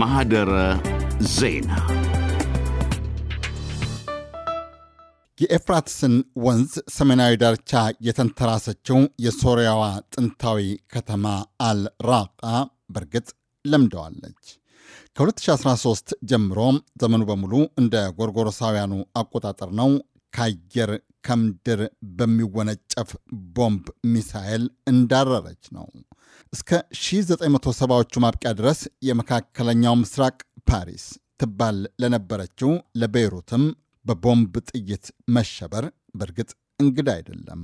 ማህደረ ዜና የኤፍራትስን ወንዝ ሰሜናዊ ዳርቻ የተንተራሰችው የሶሪያዋ ጥንታዊ ከተማ አልራቃ በእርግጥ ለምደዋለች። ከ2013 ጀምሮ ዘመኑ በሙሉ እንደ ጎርጎሮሳውያኑ አቆጣጠር ነው። ከአየር ከምድር በሚወነጨፍ ቦምብ ሚሳኤል እንዳረረች ነው። እስከ 1970ዎቹ ማብቂያ ድረስ የመካከለኛው ምስራቅ ፓሪስ ትባል ለነበረችው ለቤይሩትም በቦምብ ጥይት መሸበር በእርግጥ እንግዳ አይደለም።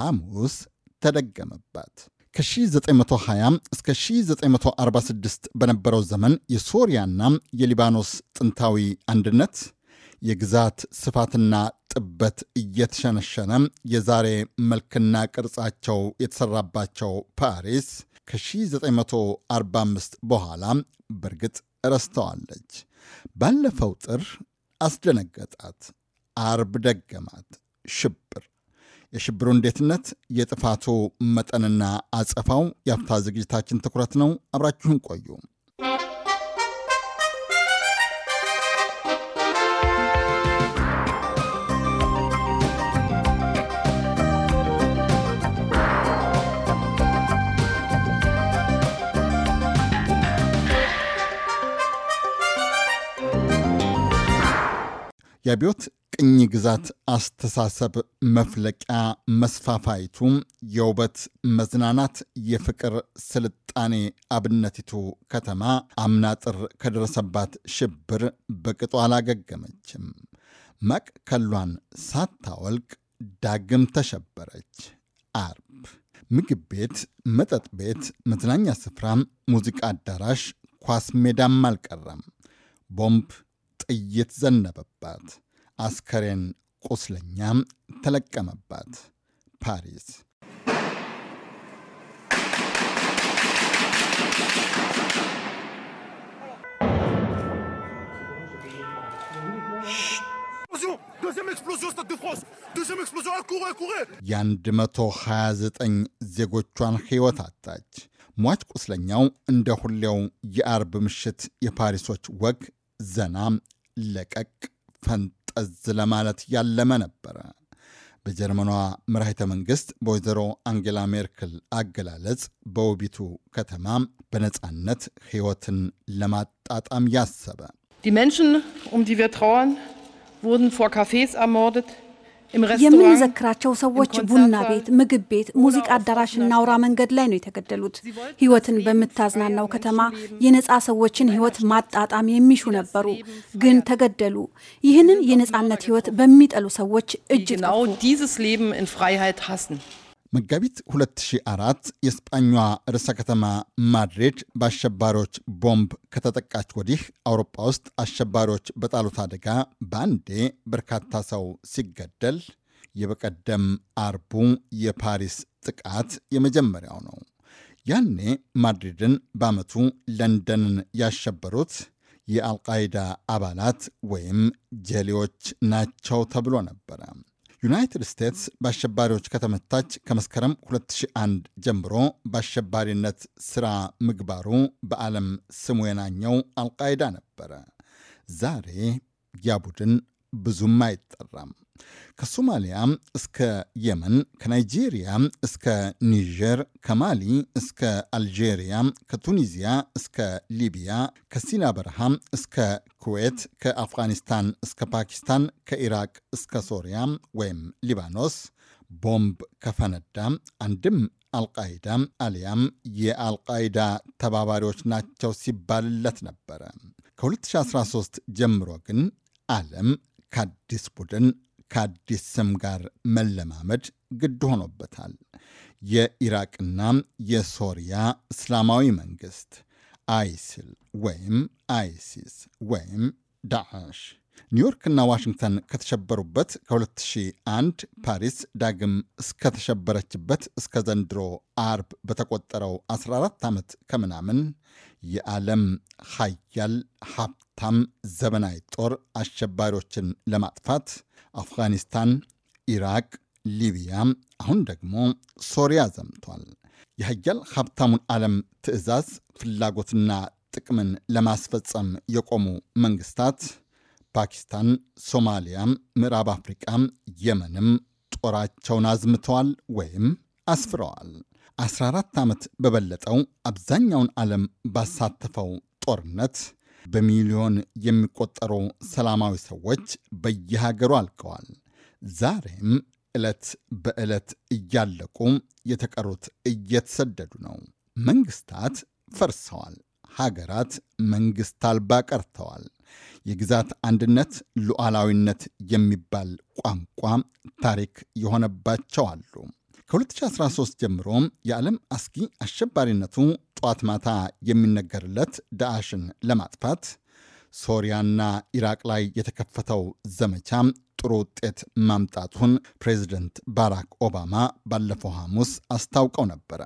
ሐሙስ ተደገመባት። ከ1920 እስከ 1946 በነበረው ዘመን የሶሪያና የሊባኖስ ጥንታዊ አንድነት የግዛት ስፋትና ጥበት እየተሸነሸነ የዛሬ መልክና ቅርጻቸው የተሰራባቸው ፓሪስ ከ1945 በኋላ በእርግጥ ረስተዋለች። ባለፈው ጥር አስደነገጣት፣ አርብ ደገማት ሽብር። የሽብሩ እንዴትነት፣ የጥፋቱ መጠንና አጸፋው የአፍታ ዝግጅታችን ትኩረት ነው። አብራችሁን ቆዩ። የአብዮት ቅኝ ግዛት አስተሳሰብ መፍለቂያ መስፋፋይቱ የውበት መዝናናት የፍቅር ስልጣኔ አብነቲቱ ከተማ አምናጥር ከደረሰባት ሽብር በቅጡ አላገገመችም። ማቅ ከሏን ሳታወልቅ ዳግም ተሸበረች። አርብ ምግብ ቤት፣ መጠጥ ቤት፣ መዝናኛ ስፍራ፣ ሙዚቃ አዳራሽ፣ ኳስ ሜዳም አልቀረም። ቦምብ ጥይት ዘነበባት። አስከሬን ቁስለኛም ተለቀመባት። ፓሪስ የአንድ መቶ 29 ዜጎቿን ሕይወት አጣች። ሟች ቁስለኛው እንደ ሁሌው የአርብ ምሽት የፓሪሶች ወግ ዘና ለቀቅ ፈንጠዝ ለማለት ያለመ ነበረ። በጀርመኗ መራሄተ መንግስት በወይዘሮ አንጌላ ሜርክል አገላለጽ በውቢቱ ከተማ በነፃነት ህይወትን ለማጣጣም ያሰበ ዲ መንሽን ም ዲ ቪር ትራወርን ወርደን ፎር ካፌስ አርሞርደት የምንዘክራቸው ሰዎች ቡና ቤት፣ ምግብ ቤት፣ ሙዚቃ አዳራሽና አውራ መንገድ ላይ ነው የተገደሉት። ህይወትን በምታዝናናው ከተማ የነፃ ሰዎችን ህይወት ማጣጣም የሚሹ ነበሩ፣ ግን ተገደሉ። ይህንን የነፃነት ህይወት በሚጠሉ ሰዎች እጅ መጋቢት 2004 የስጳኟ ርዕሰ ከተማ ማድሪድ በአሸባሪዎች ቦምብ ከተጠቃች ወዲህ አውሮፓ ውስጥ አሸባሪዎች በጣሉት አደጋ በአንዴ በርካታ ሰው ሲገደል የበቀደም አርቡ የፓሪስ ጥቃት የመጀመሪያው ነው። ያኔ ማድሪድን በዓመቱ ለንደንን ያሸበሩት የአልቃይዳ አባላት ወይም ጀሌዎች ናቸው ተብሎ ነበረ። ዩናይትድ ስቴትስ በአሸባሪዎች ከተመታች ከመስከረም 2001 ጀምሮ በአሸባሪነት ስራ ምግባሩ በዓለም ስሙ የናኘው አልቃይዳ ነበረ። ዛሬ ያ ቡድን ብዙም አይጠራም። ከሶማሊያ እስከ የመን፣ ከናይጄሪያ እስከ ኒጀር፣ ከማሊ እስከ አልጄሪያ፣ ከቱኒዚያ እስከ ሊቢያ፣ ከሲና በረሃ እስከ ኩዌት፣ ከአፍጋኒስታን እስከ ፓኪስታን፣ ከኢራቅ እስከ ሶሪያ ወይም ሊባኖስ ቦምብ ከፈነዳ አንድም አልቃይዳ አሊያም የአልቃይዳ ተባባሪዎች ናቸው ሲባልለት ነበረ። ከ2013 ጀምሮ ግን ዓለም ከአዲስ ቡድን ከአዲስ ስም ጋር መለማመድ ግድ ሆኖበታል። የኢራቅና የሶሪያ እስላማዊ መንግስት አይስል ወይም አይሲስ ወይም ዳዕሽ ኒውዮርክና ዋሽንግተን ከተሸበሩበት ከ2001 ፓሪስ ዳግም እስከተሸበረችበት እስከ ዘንድሮ አርብ በተቆጠረው 14 ዓመት ከምናምን የዓለም ሀያል ሀብታም ዘመናዊ ጦር አሸባሪዎችን ለማጥፋት አፍጋኒስታን፣ ኢራቅ፣ ሊቢያ አሁን ደግሞ ሶሪያ ዘምቷል። የሀያል ሀብታሙን ዓለም ትዕዛዝ ፍላጎትና ጥቅምን ለማስፈጸም የቆሙ መንግስታት ፓኪስታን፣ ሶማሊያም፣ ምዕራብ አፍሪቃም፣ የመንም ጦራቸውን አዝምተዋል ወይም አስፍረዋል። 14 ዓመት በበለጠው አብዛኛውን ዓለም ባሳተፈው ጦርነት በሚሊዮን የሚቆጠሩ ሰላማዊ ሰዎች በየሀገሩ አልቀዋል። ዛሬም ዕለት በዕለት እያለቁ የተቀሩት እየተሰደዱ ነው። መንግስታት ፈርሰዋል። ሀገራት መንግስት አልባ ቀርተዋል። የግዛት አንድነት፣ ሉዓላዊነት የሚባል ቋንቋ ታሪክ የሆነባቸው አሉ። ከ2013 ጀምሮ የዓለም አስጊ አሸባሪነቱ ጧት ማታ የሚነገርለት ዳዕሽን ለማጥፋት ሶሪያና ኢራቅ ላይ የተከፈተው ዘመቻ ጥሩ ውጤት ማምጣቱን ፕሬዚደንት ባራክ ኦባማ ባለፈው ሐሙስ አስታውቀው ነበረ።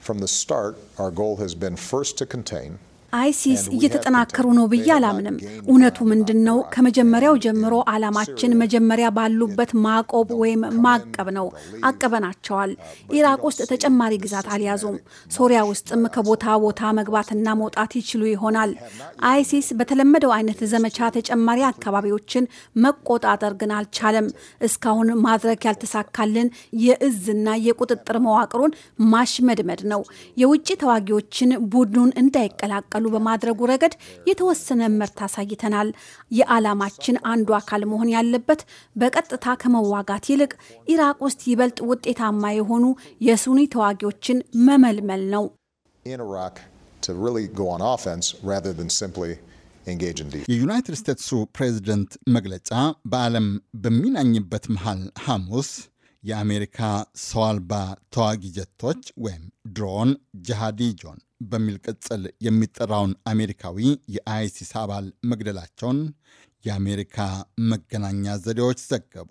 From the start, our goal has been first to contain, አይሲስ እየተጠናከሩ ነው ብዬ አላምንም። እውነቱ ምንድን ነው? ከመጀመሪያው ጀምሮ አላማችን መጀመሪያ ባሉበት ማቆብ ወይም ማቀብ ነው። አቀበናቸዋል። ኢራቅ ውስጥ ተጨማሪ ግዛት አልያዙም። ሶሪያ ውስጥም ከቦታ ቦታ መግባትና መውጣት ይችሉ ይሆናል። አይሲስ በተለመደው አይነት ዘመቻ ተጨማሪ አካባቢዎችን መቆጣጠር ግን አልቻለም። እስካሁን ማድረግ ያልተሳካልን የእዝና የቁጥጥር መዋቅሩን ማሽመድመድ ነው። የውጭ ተዋጊዎችን ቡድኑን እንዳይቀላቀሉ እንዲቀላቀሉ በማድረጉ ረገድ የተወሰነ ምርት አሳይተናል። የዓላማችን አንዱ አካል መሆን ያለበት በቀጥታ ከመዋጋት ይልቅ ኢራቅ ውስጥ ይበልጥ ውጤታማ የሆኑ የሱኒ ተዋጊዎችን መመልመል ነው። የዩናይትድ ስቴትሱ ፕሬዝደንት መግለጫ በዓለም በሚናኝበት መሃል ሐሙስ የአሜሪካ ሰው አልባ ተዋጊ ጀቶች ወይም ድሮን ጃሃዲ ጆን በሚል ቅጽል የሚጠራውን አሜሪካዊ የአይሲስ አባል መግደላቸውን የአሜሪካ መገናኛ ዘዴዎች ዘገቡ።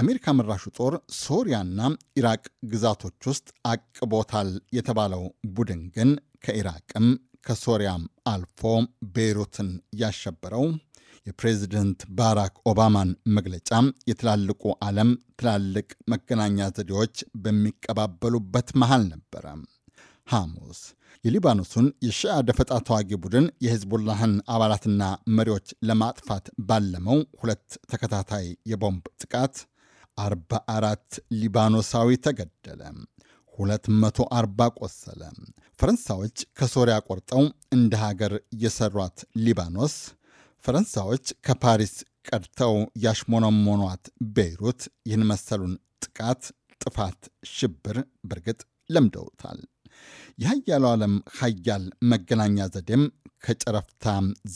አሜሪካ መራሹ ጦር ሶሪያና ኢራቅ ግዛቶች ውስጥ አቅቦታል የተባለው ቡድን ግን ከኢራቅም ከሶሪያም አልፎ ቤይሩትን ያሸበረው የፕሬዚደንት ባራክ ኦባማን መግለጫ የትላልቁ ዓለም ትላልቅ መገናኛ ዘዴዎች በሚቀባበሉበት መሃል ነበረ። ሐሙስ የሊባኖሱን የሺዓ ደፈጣ ተዋጊ ቡድን የሕዝቡላህን አባላትና መሪዎች ለማጥፋት ባለመው ሁለት ተከታታይ የቦምብ ጥቃት 44 ሊባኖሳዊ ተገደለ፣ 240 ቆሰለ። ፈረንሳዮች ከሶሪያ ቆርጠው እንደ ሀገር የሰሯት ሊባኖስ ፈረንሳዮች ከፓሪስ ቀድተው ያሽሞነሞኗት ቤይሩት ይህን መሰሉን ጥቃት፣ ጥፋት፣ ሽብር በርግጥ ለምደውታል። የሀያሉ ዓለም ሀያል መገናኛ ዘዴም ከጨረፍታ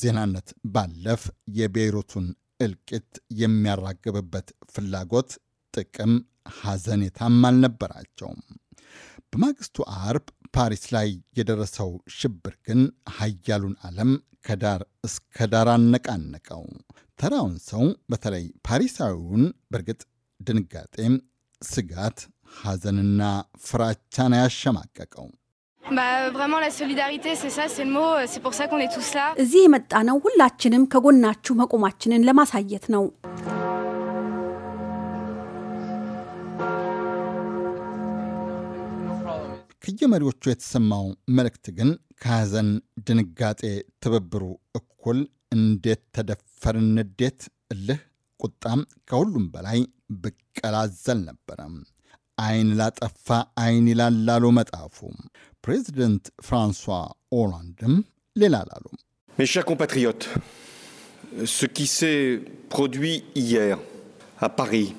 ዜናነት ባለፍ የቤይሩቱን እልቂት የሚያራግብበት ፍላጎት፣ ጥቅም፣ ሐዘኔታም አልነበራቸውም። በማግስቱ አርብ ፓሪስ ላይ የደረሰው ሽብር ግን ሀያሉን ዓለም ከዳር እስከ ዳር አነቃነቀው። ተራውን ሰው በተለይ ፓሪሳዊውን በእርግጥ ድንጋጤም ስጋት፣ ሐዘንና ፍራቻን ያሸማቀቀው እዚህ የመጣነው ሁላችንም ከጎናችሁ መቆማችንን ለማሳየት ነው። ከየመሪዎቹ የተሰማው መልእክት ግን ከሐዘን ድንጋጤ፣ ትብብሩ እኩል እንዴት ተደፈርን፣ እንዴት እልህ Mes chers compatriotes, ce qui s'est produit hier à Paris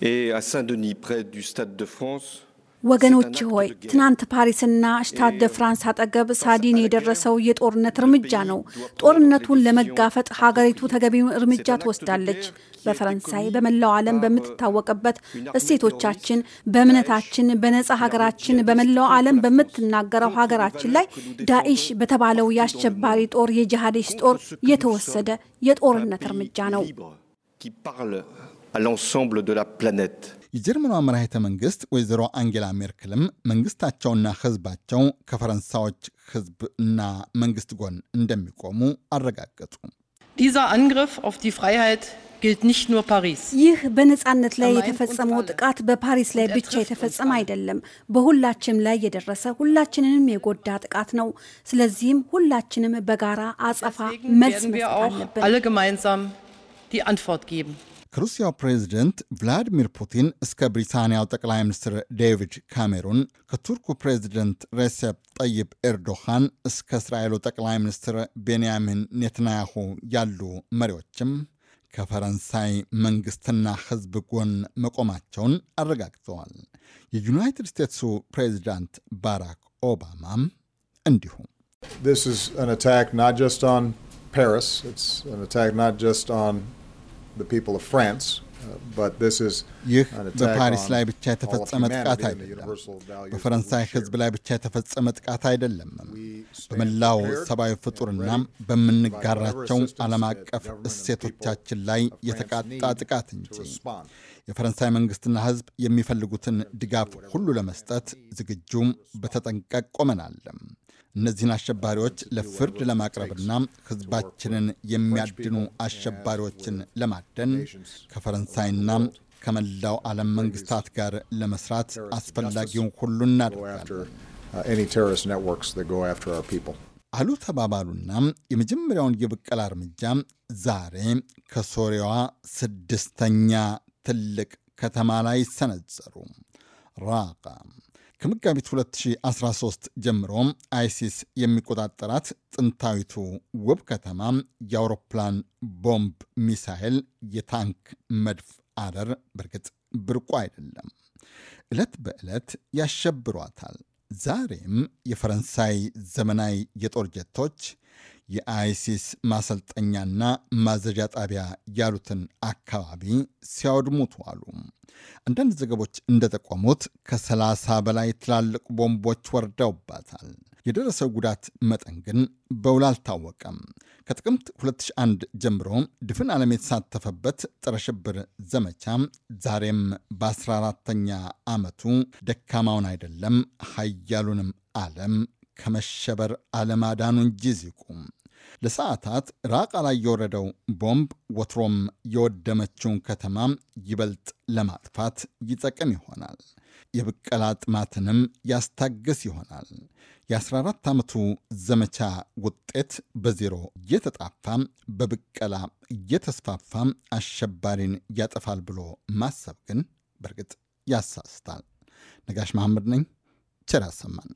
et à Saint-Denis, près du Stade de France, ወገኖች ሆይ ትናንት ፓሪስና ሽታት ደ ፍራንስ አጠገብ ሳዲን የደረሰው የጦርነት እርምጃ ነው። ጦርነቱን ለመጋፈጥ ሀገሪቱ ተገቢውን እርምጃ ትወስዳለች። በፈረንሳይ በመላው ዓለም በምትታወቅበት እሴቶቻችን፣ በእምነታችን፣ በነጻ ሀገራችን፣ በመላው ዓለም በምትናገረው ሀገራችን ላይ ዳኢሽ በተባለው የአሸባሪ ጦር የጂሃዲስት ጦር የተወሰደ የጦርነት እርምጃ ነው። የጀርመኗ መራሄተ መንግስት ወይዘሮ አንጌላ ሜርክልም መንግስታቸውና ህዝባቸው ከፈረንሳዮች ህዝብ እና መንግስት ጎን እንደሚቆሙ አረጋገጡ። ዲዘር አንግሪፍ ኦፍ ዲ ፍራይሃይት ይህ በነጻነት ላይ የተፈጸመው ጥቃት በፓሪስ ላይ ብቻ የተፈጸመ አይደለም፣ በሁላችንም ላይ የደረሰ ሁላችንንም የጎዳ ጥቃት ነው። ስለዚህም ሁላችንም በጋራ አጸፋ መልስ መስጠት አለብን። ከሩሲያው ፕሬዝደንት ቭላዲሚር ፑቲን እስከ ብሪታንያው ጠቅላይ ሚኒስትር ዴቪድ ካሜሩን ከቱርኩ ፕሬዝደንት ሬሴፕ ጠይብ ኤርዶሃን እስከ እስራኤሉ ጠቅላይ ሚኒስትር ቤንያሚን ኔትንያሁ ያሉ መሪዎችም ከፈረንሳይ መንግስትና ሕዝብ ጎን መቆማቸውን አረጋግጠዋል። የዩናይትድ ስቴትሱ ፕሬዚዳንት ባራክ ኦባማም እንዲሁም This is an attack not just on Paris, it's an attack not just on Uh, ይህ በፓሪስ ላይ ብቻ የተፈጸመ ጥቃት አይደለም። በፈረንሳይ ሕዝብ ላይ ብቻ የተፈጸመ ጥቃት አይደለም። በመላው ሰብአዊ ፍጡርና በምንጋራቸው ዓለም አቀፍ እሴቶቻችን ላይ የተቃጣ ጥቃት እንጂ። የፈረንሳይ መንግሥትና ሕዝብ የሚፈልጉትን ድጋፍ ሁሉ ለመስጠት ዝግጁም በተጠንቀቅ ቆመናል። እነዚህን አሸባሪዎች ለፍርድ ለማቅረብና ህዝባችንን የሚያድኑ አሸባሪዎችን ለማደን ከፈረንሳይና ከመላው ዓለም መንግስታት ጋር ለመስራት አስፈላጊውን ሁሉ እናደርጋለን አሉ ተባባሉና የመጀመሪያውን የብቀላ እርምጃ ዛሬ ከሶሪያዋ ስድስተኛ ትልቅ ከተማ ላይ ሰነዘሩ። ራቃም ከመጋቢት 2013 ጀምሮ አይሲስ የሚቆጣጠራት ጥንታዊቱ ውብ ከተማ የአውሮፕላን ቦምብ፣ ሚሳይል፣ የታንክ መድፍ አረር በርግጥ ብርቁ አይደለም። ዕለት በዕለት ያሸብሯታል። ዛሬም የፈረንሳይ ዘመናዊ የጦር ጀቶች የአይሲስ ማሰልጠኛና ማዘዣ ጣቢያ ያሉትን አካባቢ ሲያወድሙት ዋሉ። አንዳንድ ዘገቦች እንደጠቆሙት ከ30 በላይ ትላልቅ ቦምቦች ወርደውባታል። የደረሰው ጉዳት መጠን ግን በውል አልታወቀም። ከጥቅምት 2001 ጀምሮ ድፍን ዓለም የተሳተፈበት ጸረ ሽብር ዘመቻ ዛሬም በ14ተኛ ዓመቱ ደካማውን አይደለም ሀያሉንም ዓለም ከመሸበር አለማዳኑ እንጂ ዚቁም ለሰዓታት ራቃ ላይ የወረደው ቦምብ ወትሮም የወደመችውን ከተማ ይበልጥ ለማጥፋት ይጠቅም ይሆናል። የብቀላ ጥማትንም ያስታግስ ይሆናል። የ14 ዓመቱ ዘመቻ ውጤት በዜሮ እየተጣፋ በብቀላ እየተስፋፋ አሸባሪን ያጠፋል ብሎ ማሰብ ግን በእርግጥ ያሳስታል። ነጋሽ መሐመድ ነኝ። ቸር ያሰማን።